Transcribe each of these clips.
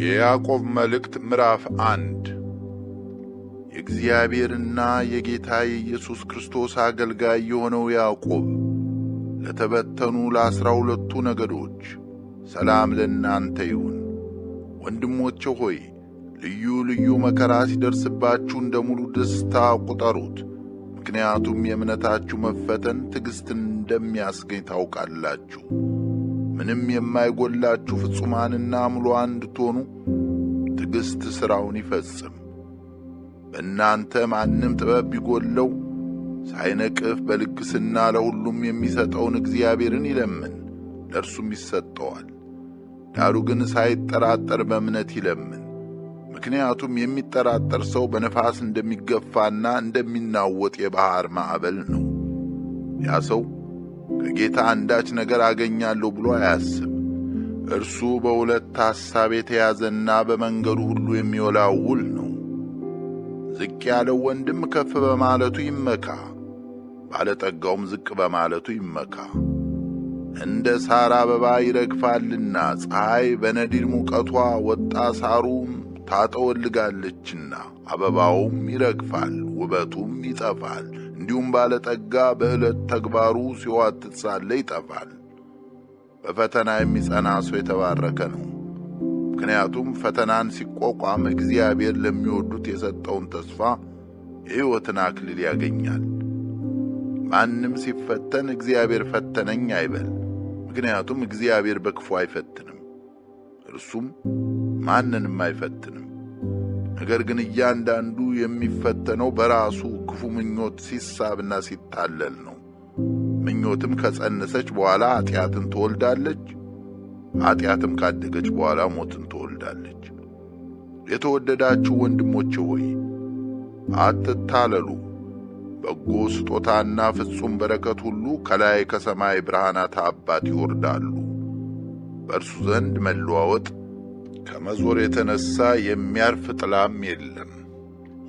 የያዕቆብ መልእክት ምዕራፍ አንድ የእግዚአብሔርና የጌታ የኢየሱስ ክርስቶስ አገልጋይ የሆነው ያዕቆብ ለተበተኑ ለአስራ ሁለቱ ነገዶች ሰላም ለእናንተ ይሁን። ወንድሞቼ ሆይ ልዩ ልዩ መከራ ሲደርስባችሁ እንደ ሙሉ ደስታ ቁጠሩት። ምክንያቱም የእምነታችሁ መፈተን ትዕግሥትን እንደሚያስገኝ ታውቃላችሁ። ምንም የማይጎላችሁ ፍጹማንና ሙሉአን እንድትሆኑ ትዕግሥት ሥራውን ይፈጽም። በእናንተ ማንም ጥበብ ቢጎለው ሳይነቅፍ በልግስና ለሁሉም የሚሰጠውን እግዚአብሔርን ይለምን፣ ለእርሱም ይሰጠዋል። ዳሩ ግን ሳይጠራጠር በእምነት ይለምን። ምክንያቱም የሚጠራጠር ሰው በነፋስ እንደሚገፋና እንደሚናወጥ የባሕር ማዕበል ነው። ያ ሰው ከጌታ አንዳች ነገር አገኛለሁ ብሎ አያስብ። እርሱ በሁለት ሐሳብ የተያዘና በመንገዱ ሁሉ የሚወላውል ነው። ዝቅ ያለው ወንድም ከፍ በማለቱ ይመካ፣ ባለጠጋውም ዝቅ በማለቱ ይመካ። እንደ ሳር አበባ ይረግፋልና ፀሐይ በነዲድ ሙቀቷ ወጣ፣ ሳሩም ታጠወልጋለችና አበባውም ይረግፋል፣ ውበቱም ይጠፋል። እንዲሁም ባለጠጋ በዕለት ተግባሩ ሲዋትት ሳለ ይጠፋል። በፈተና የሚጸና ሰው የተባረከ ነው። ምክንያቱም ፈተናን ሲቋቋም እግዚአብሔር ለሚወዱት የሰጠውን ተስፋ የሕይወትን አክሊል ያገኛል። ማንም ሲፈተን እግዚአብሔር ፈተነኝ አይበል። ምክንያቱም እግዚአብሔር በክፉ አይፈትንም፣ እርሱም ማንንም አይፈትንም። ነገር ግን እያንዳንዱ የሚፈተነው በራሱ ክፉ ምኞት ሲሳብና ሲታለል ነው። ምኞትም ከጸነሰች በኋላ ኃጢአትን ትወልዳለች። ኃጢአትም ካደገች በኋላ ሞትን ትወልዳለች። የተወደዳችሁ ወንድሞቼ ሆይ አትታለሉ። በጎ ስጦታና ፍጹም በረከት ሁሉ ከላይ ከሰማይ ብርሃናት አባት ይወርዳሉ። በእርሱ ዘንድ መለዋወጥ ከመዞር የተነሳ የሚያርፍ ጥላም የለም።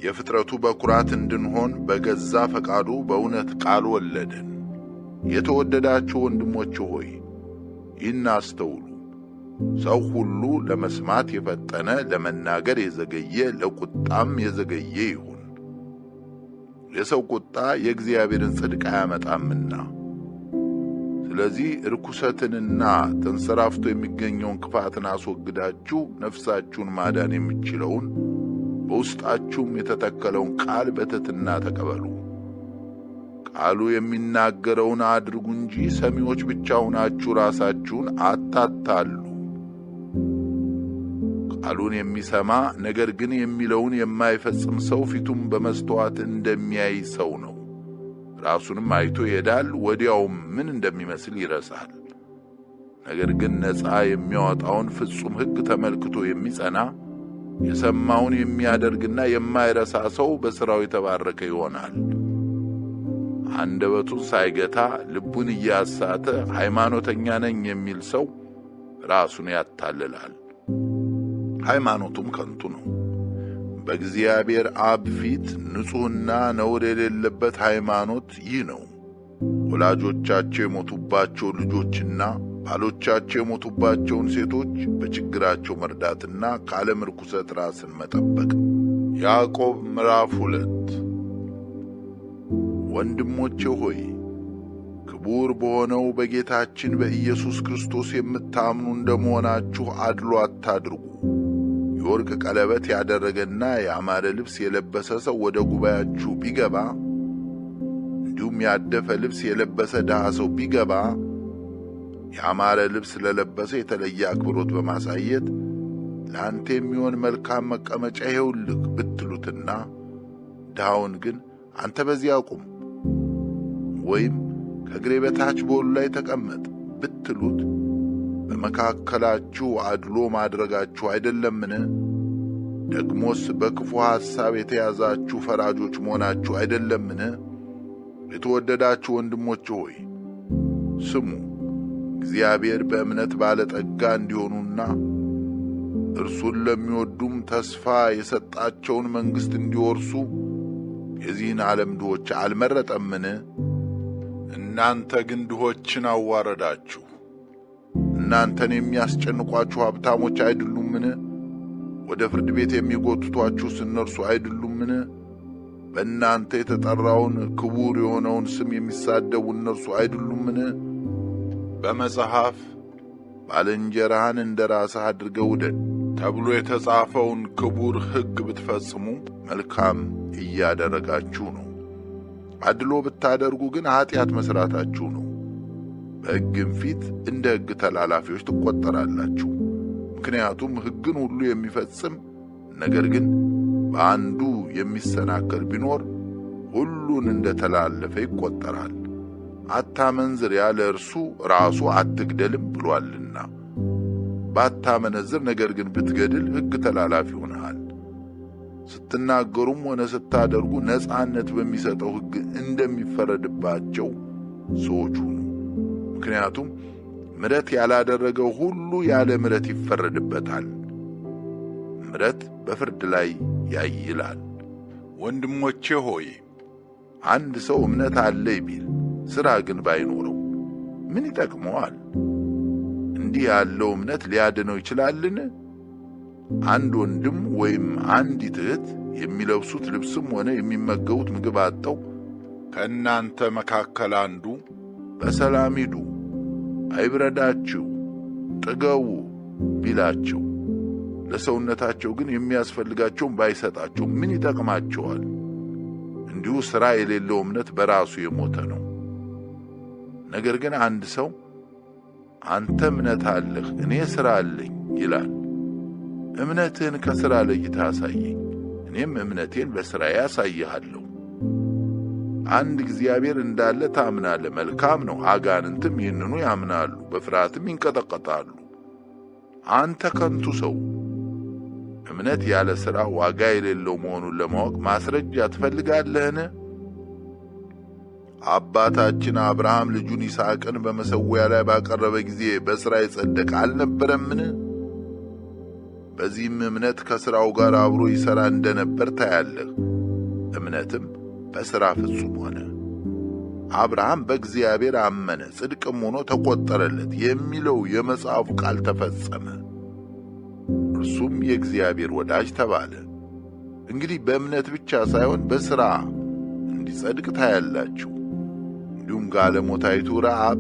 የፍጥረቱ በኩራት እንድንሆን በገዛ ፈቃዱ በእውነት ቃል ወለደን። የተወደዳችሁ ወንድሞች ሆይ ይህን አስተውሉ። ሰው ሁሉ ለመስማት የፈጠነ ለመናገር የዘገየ ለቁጣም የዘገየ ይሁን። የሰው ቁጣ የእግዚአብሔርን ጽድቅ አያመጣምና። ስለዚህ ርኩሰትንና ተንሰራፍቶ የሚገኘውን ክፋትን አስወግዳችሁ ነፍሳችሁን ማዳን የሚችለውን በውስጣችሁም የተተከለውን ቃል በትሕትና ተቀበሉ። ቃሉ የሚናገረውን አድርጉ እንጂ ሰሚዎች ብቻ ሆናችሁ ራሳችሁን አታታሉ። ቃሉን የሚሰማ ነገር ግን የሚለውን የማይፈጽም ሰው ፊቱም በመስተዋት እንደሚያይ ሰው ነው። ራሱንም አይቶ ይሄዳል፣ ወዲያውም ምን እንደሚመስል ይረሳል። ነገር ግን ነፃ የሚያወጣውን ፍጹም ሕግ ተመልክቶ የሚጸና የሰማውን የሚያደርግና የማይረሳ ሰው በሥራው የተባረከ ይሆናል። አንደበቱን ሳይገታ ልቡን እያሳተ ሃይማኖተኛ ነኝ የሚል ሰው ራሱን ያታልላል፣ ሃይማኖቱም ከንቱ ነው። በእግዚአብሔር አብ ፊት ንጹሕና ነውር የሌለበት ሃይማኖት ይህ ነው። ወላጆቻቸው የሞቱባቸው ልጆችና ባሎቻቸው የሞቱባቸውን ሴቶች በችግራቸው መርዳትና ከዓለም ርኩሰት ራስን መጠበቅ። ያዕቆብ ምዕራፍ ሁለት ወንድሞቼ ሆይ ክቡር በሆነው በጌታችን በኢየሱስ ክርስቶስ የምታምኑ እንደመሆናችሁ አድሎ አታድርጉ። የወርቅ ቀለበት ያደረገና ያማረ ልብስ የለበሰ ሰው ወደ ጉባኤያችሁ ቢገባ እንዲሁም ያደፈ ልብስ የለበሰ ድሃ ሰው ቢገባ ያማረ ልብስ ለለበሰ የተለየ አክብሮት በማሳየት ለአንተ የሚሆን መልካም መቀመጫ ይኸውልህ ብትሉትና ድሃውን ግን አንተ በዚህ አቁም ወይም ከእግሬ በታች በወሉ ላይ ተቀመጥ ብትሉት በመካከላችሁ አድሎ ማድረጋችሁ አይደለምን? ደግሞስ በክፉ ሐሳብ የተያዛችሁ ፈራጆች መሆናችሁ አይደለምን? የተወደዳችሁ ወንድሞች ሆይ ስሙ። እግዚአብሔር በእምነት ባለጠጋ እንዲሆኑና እርሱን ለሚወዱም ተስፋ የሰጣቸውን መንግሥት እንዲወርሱ የዚህን ዓለም ድሆች አልመረጠምን? እናንተ ግን ድሆችን አዋረዳችሁ። እናንተን የሚያስጨንቋችሁ ሀብታሞች አይደሉምን? ወደ ፍርድ ቤት የሚጎትቷችሁስ እነርሱ አይደሉምን? በእናንተ የተጠራውን ክቡር የሆነውን ስም የሚሳደቡ እነርሱ አይደሉምን? በመጽሐፍ ባልንጀራህን እንደ ራስህ አድርገው ውደድ ተብሎ የተጻፈውን ክቡር ሕግ ብትፈጽሙ መልካም እያደረጋችሁ ነው። አድሎ ብታደርጉ ግን ኀጢአት መሥራታችሁ ነው። በሕግም ፊት እንደ ሕግ ተላላፊዎች ትቈጠራላችሁ። ምክንያቱም ሕግን ሁሉ የሚፈጽም ነገር ግን በአንዱ የሚሰናከል ቢኖር ሁሉን እንደ ተላለፈ ይቈጠራል። አታመንዝር ያለ እርሱ ራሱ አትግደልም ብሏልና ባታመነዝር ነገር ግን ብትገድል ሕግ ተላላፊ ሆነሃል። ስትናገሩም ሆነ ስታደርጉ ነፃነት በሚሰጠው ሕግ እንደሚፈረድባቸው ሰዎች ሁኑ። ምክንያቱም ምረት ያላደረገው ሁሉ ያለ ምረት ይፈረድበታል። ምረት በፍርድ ላይ ያይላል። ወንድሞቼ ሆይ አንድ ሰው እምነት አለኝ ቢል ሥራ ግን ባይኖረው ምን ይጠቅመዋል? እንዲህ ያለው እምነት ሊያድነው ይችላልን? አንድ ወንድም ወይም አንዲት እህት የሚለብሱት ልብስም ሆነ የሚመገቡት ምግብ አጠው ከእናንተ መካከል አንዱ በሰላም ሂዱ፣ አይብረዳችሁ፣ ጥገቡ ቢላቸው ለሰውነታቸው ግን የሚያስፈልጋቸውን ባይሰጣቸው ምን ይጠቅማቸዋል? እንዲሁ ሥራ የሌለው እምነት በራሱ የሞተ ነው። ነገር ግን አንድ ሰው አንተ እምነት አለህ እኔ ሥራ አለኝ ይላል። እምነትህን ከሥራ ለይተህ አሳየኝ፣ እኔም እምነቴን በሥራዬ አሳይሃለሁ። አንድ እግዚአብሔር እንዳለ ታምናለህ፣ መልካም ነው። አጋንንትም ይህንኑ ያምናሉ፣ በፍርሃትም ይንቀጠቀጣሉ። አንተ ከንቱ ሰው እምነት ያለ ሥራ ዋጋ የሌለው መሆኑን ለማወቅ ማስረጃ ትፈልጋለህን? አባታችን አብርሃም ልጁን ይስሐቅን በመሠዊያ ላይ ባቀረበ ጊዜ በሥራ የጸደቀ አልነበረምን? በዚህም እምነት ከሥራው ጋር አብሮ ይሠራ እንደነበር ታያለህ። እምነትም በሥራ ፍጹም ሆነ። አብርሃም በእግዚአብሔር አመነ፣ ጽድቅም ሆኖ ተቈጠረለት የሚለው የመጽሐፉ ቃል ተፈጸመ። እርሱም የእግዚአብሔር ወዳጅ ተባለ። እንግዲህ በእምነት ብቻ ሳይሆን በሥራ እንዲጸድቅ ታያላችሁ። እንዲሁም ጋለሞታይቱ ረዓብ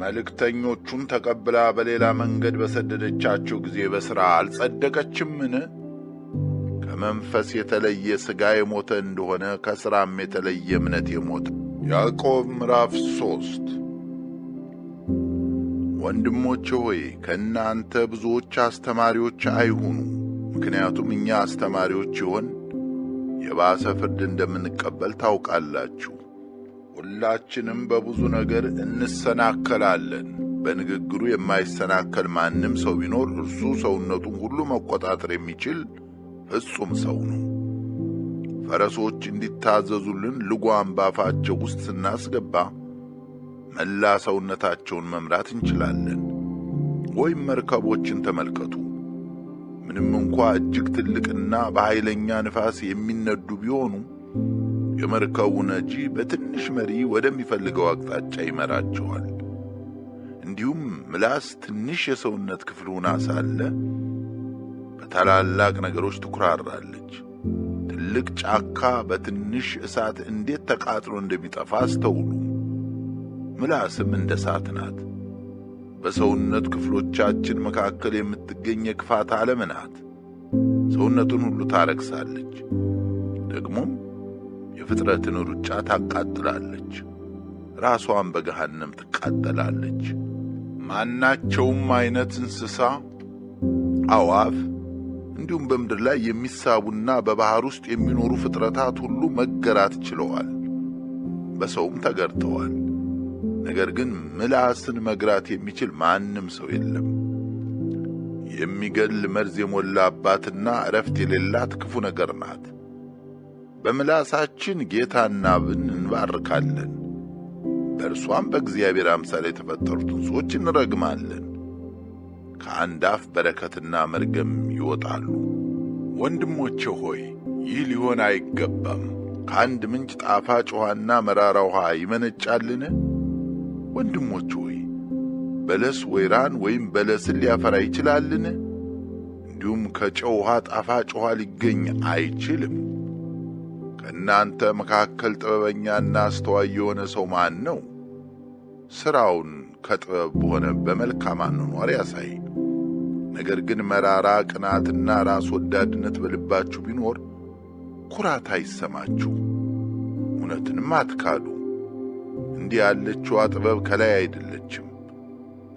መልእክተኞቹን ተቀብላ በሌላ መንገድ በሰደደቻቸው ጊዜ በሥራ አልጸደቀችምን? ከመንፈስ የተለየ ሥጋ የሞተ እንደሆነ ከሥራም የተለየ እምነት የሞተ ያዕቆብ ምዕራፍ ሦስት ወንድሞች ሆይ ከእናንተ ብዙዎች አስተማሪዎች አይሁኑ፣ ምክንያቱም እኛ አስተማሪዎች ይሆን የባሰ ፍርድ እንደምንቀበል ታውቃላችሁ። ሁላችንም በብዙ ነገር እንሰናከላለን። በንግግሩ የማይሰናከል ማንም ሰው ቢኖር እርሱ ሰውነቱን ሁሉ መቆጣጠር የሚችል ፍጹም ሰው ነው። ፈረሶች እንዲታዘዙልን ልጓም ባፋቸው ውስጥ ስናስገባ መላ ሰውነታቸውን መምራት እንችላለን። ወይም መርከቦችን ተመልከቱ። ምንም እንኳ እጅግ ትልቅና በኃይለኛ ንፋስ የሚነዱ ቢሆኑ የመርከቡ ነጂ በትንሽ መሪ ወደሚፈልገው አቅጣጫ ይመራቸዋል። እንዲሁም ምላስ ትንሽ የሰውነት ክፍል ሆና ሳለ በታላላቅ ነገሮች ትኩራራለች። ትልቅ ጫካ በትንሽ እሳት እንዴት ተቃጥሎ እንደሚጠፋ አስተውሉ። ምላስም እንደ እሳት ናት። በሰውነት ክፍሎቻችን መካከል የምትገኝ የክፋት ዓለም ናት። ሰውነቱን ሁሉ ታረክሳለች። የፍጥረትን ሩጫ ታቃጥላለች፣ ራሷን በገሃነም ትቃጠላለች። ማናቸውም አይነት እንስሳ፣ አዋፍ፣ እንዲሁም በምድር ላይ የሚሳቡና በባህር ውስጥ የሚኖሩ ፍጥረታት ሁሉ መገራት ችለዋል፣ በሰውም ተገርተዋል። ነገር ግን ምላስን መግራት የሚችል ማንም ሰው የለም። የሚገል መርዝ የሞላባትና እረፍት የሌላት ክፉ ነገር ናት። በምላሳችን ጌታና ብን እንባርካለን፣ በእርሷም በእግዚአብሔር አምሳል የተፈጠሩትን ሰዎች እንረግማለን። ከአንድ አፍ በረከትና መርገም ይወጣሉ። ወንድሞቼ ሆይ ይህ ሊሆን አይገባም። ከአንድ ምንጭ ጣፋጭ ውሃና መራራ ውሃ ይመነጫልን? ወንድሞች ሆይ በለስ ወይራን ወይም በለስን ሊያፈራ ይችላልን? እንዲሁም ከጨው ውሃ ጣፋጭ ውሃ ሊገኝ አይችልም። ከእናንተ መካከል ጥበበኛና አስተዋይ የሆነ ሰው ማን ነው? ሥራውን ከጥበብ በሆነ በመልካም አኗኗር ያሳይ። ነገር ግን መራራ ቅናትና ራስ ወዳድነት በልባችሁ ቢኖር ኩራት አይሰማችሁ፣ እውነትንም አትካዱ። እንዲህ ያለችዋ ጥበብ ከላይ አይደለችም፣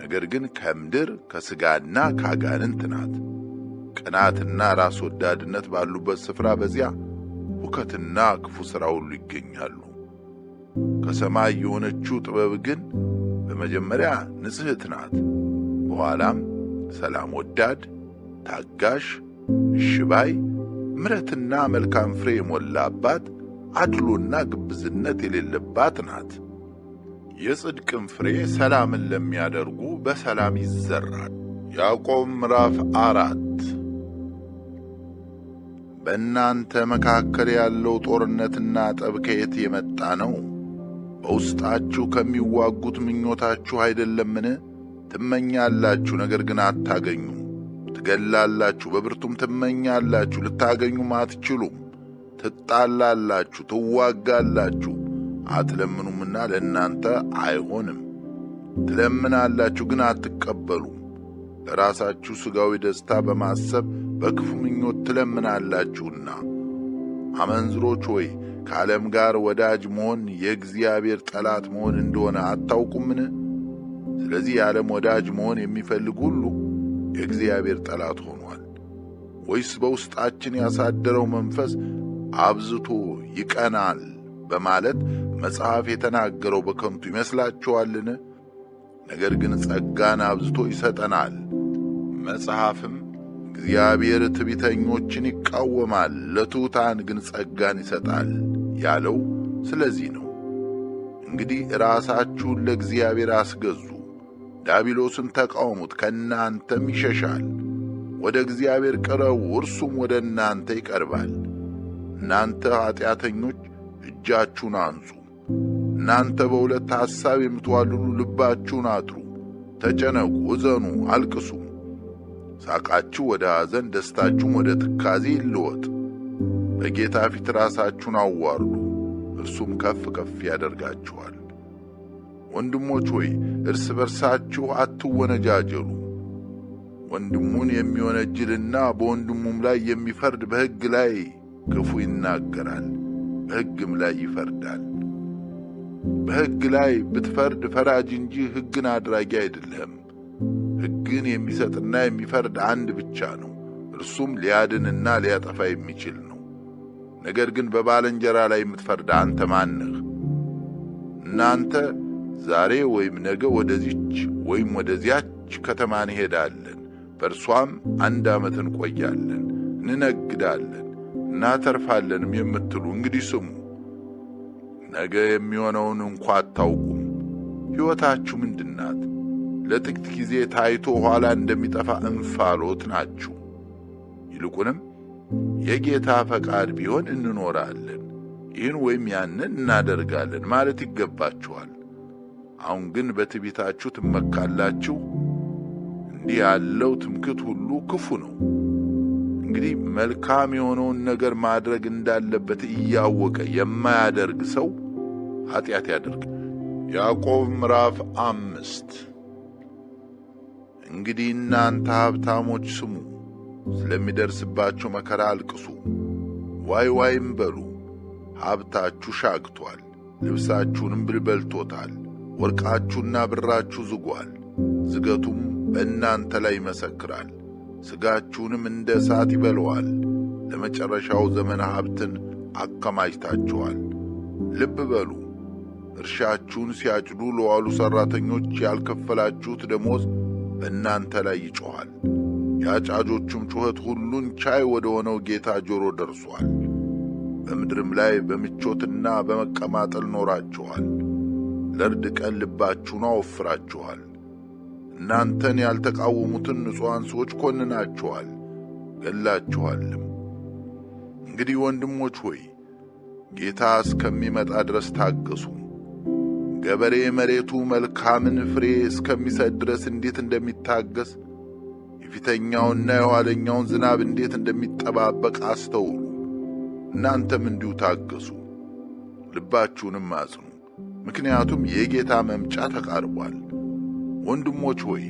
ነገር ግን ከምድር ከሥጋና ከአጋንንት ናት። ቅናትና ራስ ወዳድነት ባሉበት ስፍራ በዚያ ሁከትና ክፉ ሥራ ሁሉ ይገኛሉ። ከሰማይ የሆነችው ጥበብ ግን በመጀመሪያ ንጽሕት ናት፣ በኋላም ሰላም ወዳድ፣ ታጋሽ፣ እሽባይ፣ ምረትና መልካም ፍሬ የሞላባት አድሎና ግብዝነት የሌለባት ናት። የጽድቅም ፍሬ ሰላምን ለሚያደርጉ በሰላም ይዘራል። ያዕቆብ ምዕራፍ አራት በእናንተ መካከል ያለው ጦርነትና ጠብ ከየት የመጣ ነው? በውስጣችሁ ከሚዋጉት ምኞታችሁ አይደለምን? ትመኛላችሁ፣ ነገር ግን አታገኙ። ትገላላችሁ፣ በብርቱም ትመኛላችሁ፣ ልታገኙም አትችሉም። ትጣላላችሁ፣ ትዋጋላችሁ፣ አትለምኑምና ለእናንተ አይሆንም። ትለምናላችሁ፣ ግን አትቀበሉም፣ ለራሳችሁ ሥጋዊ ደስታ በማሰብ በክፉ ምኞት ትለምናላችሁና። አመንዝሮች ሆይ ከዓለም ጋር ወዳጅ መሆን የእግዚአብሔር ጠላት መሆን እንደሆነ አታውቁምን? ስለዚህ የዓለም ወዳጅ መሆን የሚፈልግ ሁሉ የእግዚአብሔር ጠላት ሆኗል። ወይስ በውስጣችን ያሳደረው መንፈስ አብዝቶ ይቀናል በማለት መጽሐፍ የተናገረው በከንቱ ይመስላችኋልን? ነገር ግን ጸጋን አብዝቶ ይሰጠናል። መጽሐፍም እግዚአብሔር ትቢተኞችን ይቃወማል፣ ለትሑታን ግን ጸጋን ይሰጣል ያለው ስለዚህ ነው። እንግዲህ ራሳችሁን ለእግዚአብሔር አስገዙ፣ ዳቢሎስን ተቃውሙት፣ ከእናንተም ይሸሻል። ወደ እግዚአብሔር ቅረቡ፣ እርሱም ወደ እናንተ ይቀርባል። እናንተ ኀጢአተኞች እጃችሁን አንጹ፣ እናንተ በሁለት ሐሳብ የምትዋልሉ ልባችሁን አጥሩ፣ ተጨነቁ፣ እዘኑ፣ አልቅሱ። ሳቃችሁ ወደ ሐዘን፣ ደስታችሁም ወደ ትካዜ ይለወጥ። በጌታ ፊት ራሳችሁን አዋርዱ፣ እርሱም ከፍ ከፍ ያደርጋችኋል። ወንድሞች ሆይ እርስ በርሳችሁ አትወነጃጀሉ። ወንድሙን የሚወነጅልና በወንድሙም ላይ የሚፈርድ በሕግ ላይ ክፉ ይናገራል፣ በሕግም ላይ ይፈርዳል። በሕግ ላይ ብትፈርድ ፈራጅ እንጂ ሕግን አድራጊ አይደለህም። ሕግን የሚሰጥና የሚፈርድ አንድ ብቻ ነው፣ እርሱም ሊያድንና ሊያጠፋ የሚችል ነው። ነገር ግን በባልንጀራ ላይ የምትፈርድ አንተ ማነህ እናንተ ዛሬ ወይም ነገ ወደዚች ወይም ወደዚያች ከተማ እንሄዳለን፣ በእርሷም አንድ ዓመት እንቆያለን፣ እንነግዳለን፣ እናተርፋለንም የምትሉ እንግዲህ ስሙ። ነገ የሚሆነውን እንኳ አታውቁም። ሕይወታችሁ ምንድናት? ለጥቂት ጊዜ ታይቶ ኋላ እንደሚጠፋ እንፋሎት ናችሁ። ይልቁንም የጌታ ፈቃድ ቢሆን እንኖራለን፣ ይህን ወይም ያንን እናደርጋለን ማለት ይገባችኋል። አሁን ግን በትቢታችሁ ትመካላችሁ። እንዲህ ያለው ትምክት ሁሉ ክፉ ነው። እንግዲህ መልካም የሆነውን ነገር ማድረግ እንዳለበት እያወቀ የማያደርግ ሰው ኃጢአት ያደርግ። ያዕቆብ ምዕራፍ አምስት እንግዲህ እናንተ ሀብታሞች ስሙ፣ ስለሚደርስባቸው መከራ አልቅሱ፣ ዋይ ዋይም በሉ። ሀብታችሁ ሻግቷል፣ ልብሳችሁንም ብልበልቶታል ወርቃችሁና ብራችሁ ዝጓል፣ ዝገቱም በእናንተ ላይ ይመሰክራል፣ ሥጋችሁንም እንደ እሳት ይበለዋል። ለመጨረሻው ዘመን ሀብትን አከማችታችኋል። ልብ በሉ፣ እርሻችሁን ሲያጭዱ ለዋሉ ሠራተኞች ያልከፈላችሁት ደሞዝ በእናንተ ላይ ይጮኋል። የአጫጆቹም ጩኸት ሁሉን ቻይ ወደ ሆነው ጌታ ጆሮ ደርሷል። በምድርም ላይ በምቾትና በመቀማጠል ኖራችኋል። ለርድ ቀን ልባችሁን አወፍራችኋል። እናንተን ያልተቃወሙትን ንጹሐን ሰዎች ኰንናችኋል፣ ገላችኋልም። እንግዲህ ወንድሞች ሆይ ጌታ እስከሚመጣ ድረስ ታገሱ። ገበሬ መሬቱ መልካምን ፍሬ እስከሚሰጥ ድረስ እንዴት እንደሚታገስ የፊተኛውና የኋለኛውን ዝናብ እንዴት እንደሚጠባበቅ አስተውሉ። እናንተም እንዲሁ ታገሱ፣ ልባችሁንም አጽኑ፣ ምክንያቱም የጌታ መምጫ ተቃርቧል። ወንድሞች ሆይ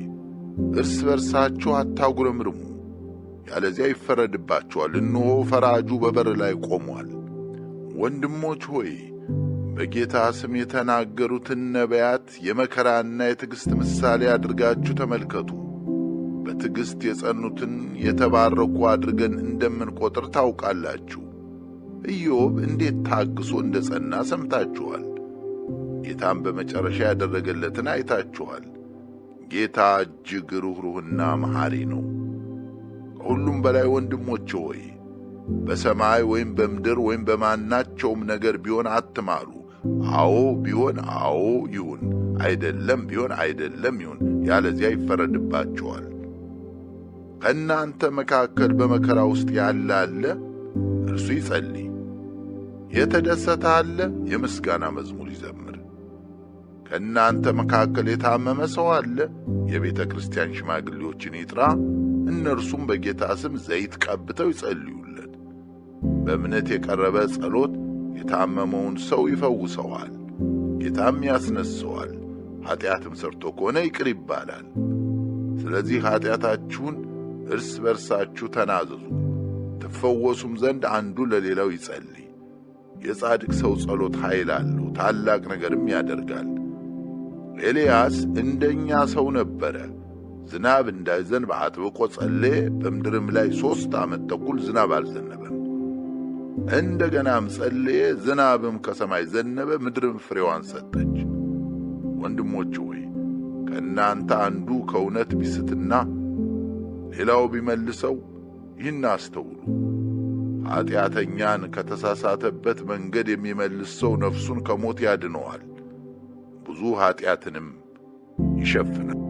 እርስ በርሳችሁ አታጉረምርሙ፣ ያለዚያ ይፈረድባችኋል። እነሆ ፈራጁ በበር ላይ ቆሟል። ወንድሞች ሆይ በጌታ ስም የተናገሩትን ነቢያት የመከራና የትዕግሥት ምሳሌ አድርጋችሁ ተመልከቱ። በትዕግሥት የጸኑትን የተባረኩ አድርገን እንደምንቈጥር ታውቃላችሁ። ኢዮብ እንዴት ታግሶ እንደ ጸና ሰምታችኋል። ጌታም በመጨረሻ ያደረገለትን አይታችኋል። ጌታ እጅግ ሩኅሩኅና መሐሪ ነው። ከሁሉም በላይ ወንድሞቼ ሆይ በሰማይ ወይም በምድር ወይም በማናቸውም ነገር ቢሆን አትማሉ። አዎ ቢሆን አዎ ይሁን፣ አይደለም ቢሆን አይደለም ይሁን፣ ያለዚያ ይፈረድባቸዋል። ከእናንተ መካከል በመከራ ውስጥ ያለ አለ፣ እርሱ ይጸልይ። የተደሰተ አለ፣ የምስጋና መዝሙር ይዘምር። ከእናንተ መካከል የታመመ ሰው አለ፣ የቤተ ክርስቲያን ሽማግሌዎችን ይጥራ፣ እነርሱም በጌታ ስም ዘይት ቀብተው ይጸልዩለት። በእምነት የቀረበ ጸሎት የታመመውን ሰው ይፈውሰዋል፣ ጌታም ያስነሰዋል። ኀጢአትም ሰርቶ ከሆነ ይቅር ይባላል። ስለዚህ ኀጢአታችሁን እርስ በርሳችሁ ተናዘዙ፣ ትፈወሱም ዘንድ አንዱ ለሌላው ይጸልይ። የጻድቅ ሰው ጸሎት ኃይል አለው፣ ታላቅ ነገርም ያደርጋል። ኤልያስ እንደኛ ሰው ነበረ። ዝናብ እንዳይዘንብ አጥብቆ ጸለየ። በምድርም ላይ ሦስት ዓመት ተኩል ዝናብ አልዘነበም። እንደገናም ጸልየ፣ ዝናብም ከሰማይ ዘነበ፣ ምድርም ፍሬዋን ሰጠች። ወንድሞች ሆይ ከእናንተ አንዱ ከእውነት ቢስትና ሌላው ቢመልሰው ይህን አስተውሉ። ኀጢአተኛን ከተሳሳተበት መንገድ የሚመልስ ሰው ነፍሱን ከሞት ያድነዋል፣ ብዙ ኀጢአትንም ይሸፍናል።